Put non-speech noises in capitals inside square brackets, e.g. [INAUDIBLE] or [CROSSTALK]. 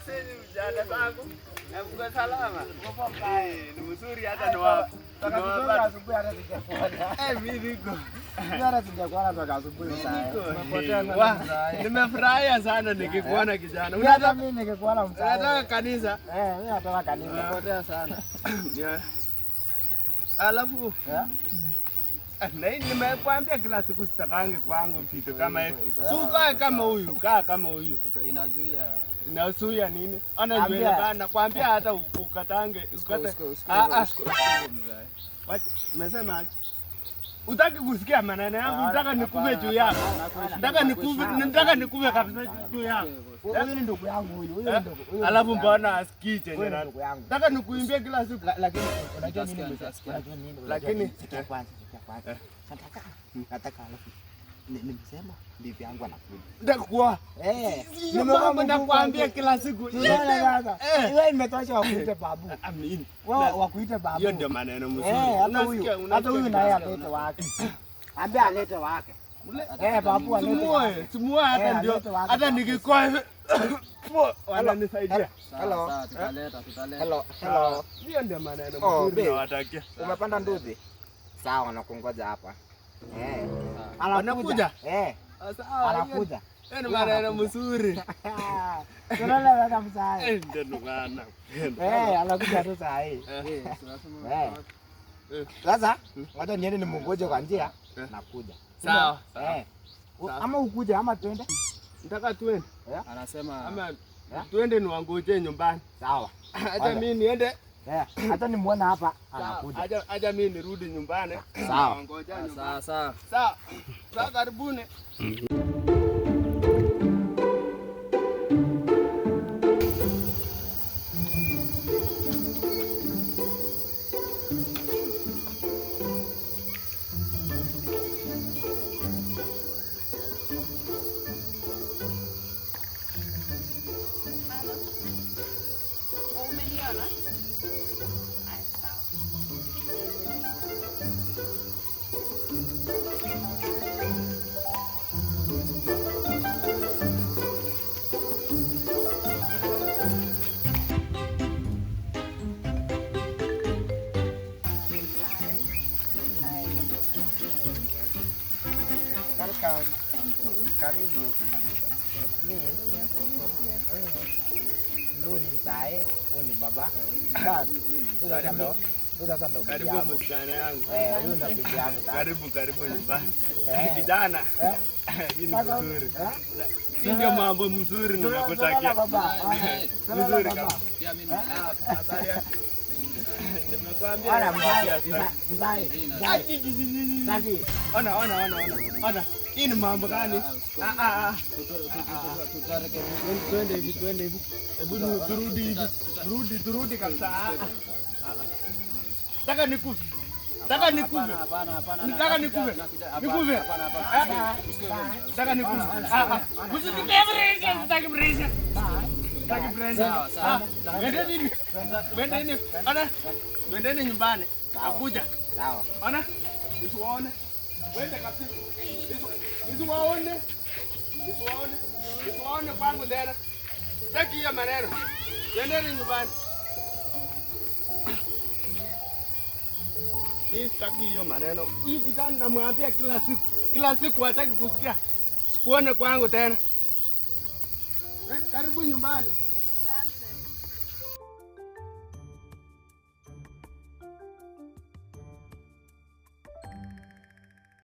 Huseni mjana zangu navuka salama. Ni mzuri hata ni wapi? Nimefurahia sana nikikuona kijana. Unataka mimi nikikuona mzee. Unataka kanisa? Eh, mimi nataka kanisa. Nimepotea ah. [COUGHS] sana. Alafu. Eh? na hii nimekwambia kila siku sitakangi kwangu vitu kama hivi. Si ukae kama huyu, kaa kama huyu. Inazuia. Inazuia nini? Ana nywele bana, kwambia hata ukatange, ukate. Ah ah. Wacha, umesema aje? Utaki kusikia maneno yangu, ah, nataka nikuve juu yako. Nataka nikuve, nataka nikuve kabisa juu yako. Eh? Huyu ni ndugu yangu huyu, huyu eh? ndugu. Alafu mbona asikii chenye Nataka nikuimbie kila siku. Lakini unajua nini? Lakini sikia kwanza baba. Nataka nataka alafu nimesema bibi yangu anakuja. Nitakuwa. Eh. Nimeomba nitakwambia kila siku. Yaani, eh. Wewe imetosha wakuite babu. [LAUGHS] Amin. Wao wakuite babu. Hiyo ndio maneno mzuri. Eh, hata huyu hata huyu naye alete wake. [CLEARS THROAT] Ambia alete wake. Eh, babu eh, alete wake. Tumua hata [COUGHS] ndio hata oh, nikikoa Umepanda nduthi? sawa, anakungoja hapa eh. Ah. Anakuja eh, ah, anakuja maneno mzuri [LAUGHS] eh, [LAUGHS] eh, anakuja tu saa hii. Eh, sasa wacha hmm. niende nimungoje kwa njia, nakuja sawa. Ama ukuje ama twende, nataka twende. Anasema ama twende niwangoje nyumbani. Sawa, [LAUGHS] acha mimi niende Eh, hata ni mwana hapa anakuja. Aja, aja mimi nirudi nyumbani. Sawa. Sawa sawa. Sawa. Karibuni. Welcome. Karibu. Ndio ni mzae, huyu ni baba. Karibu msichana yangu. Eh, eh. eh. ndio mambo mzuri nimekutakia. Hii ni mambo gani? Twende hivi, twende hivi, hebu turudi hivi, turudi, turudi kabisa. Ah, ah. Taka nikufe, taka nikufe, taka nikufe, nikufe, ah, taka nikufe. Msinipewe sitaki presha, sitaki presha. Wendeni, wendeni, ana, wendeni nyumbani. Akuja. Sawa. Ana, usiwaone. Wende kabisa. Nisiwaone. Nisiwaone. Nisiwaone kwangu tena. Sitaki hiyo maneno. Twendeni nyumbani. Mimi sitaki hiyo maneno. Huyu kijana namwambia kila siku. Kila siku hataki kusikia. Sikuone kwangu tena. Karibu nyumbani.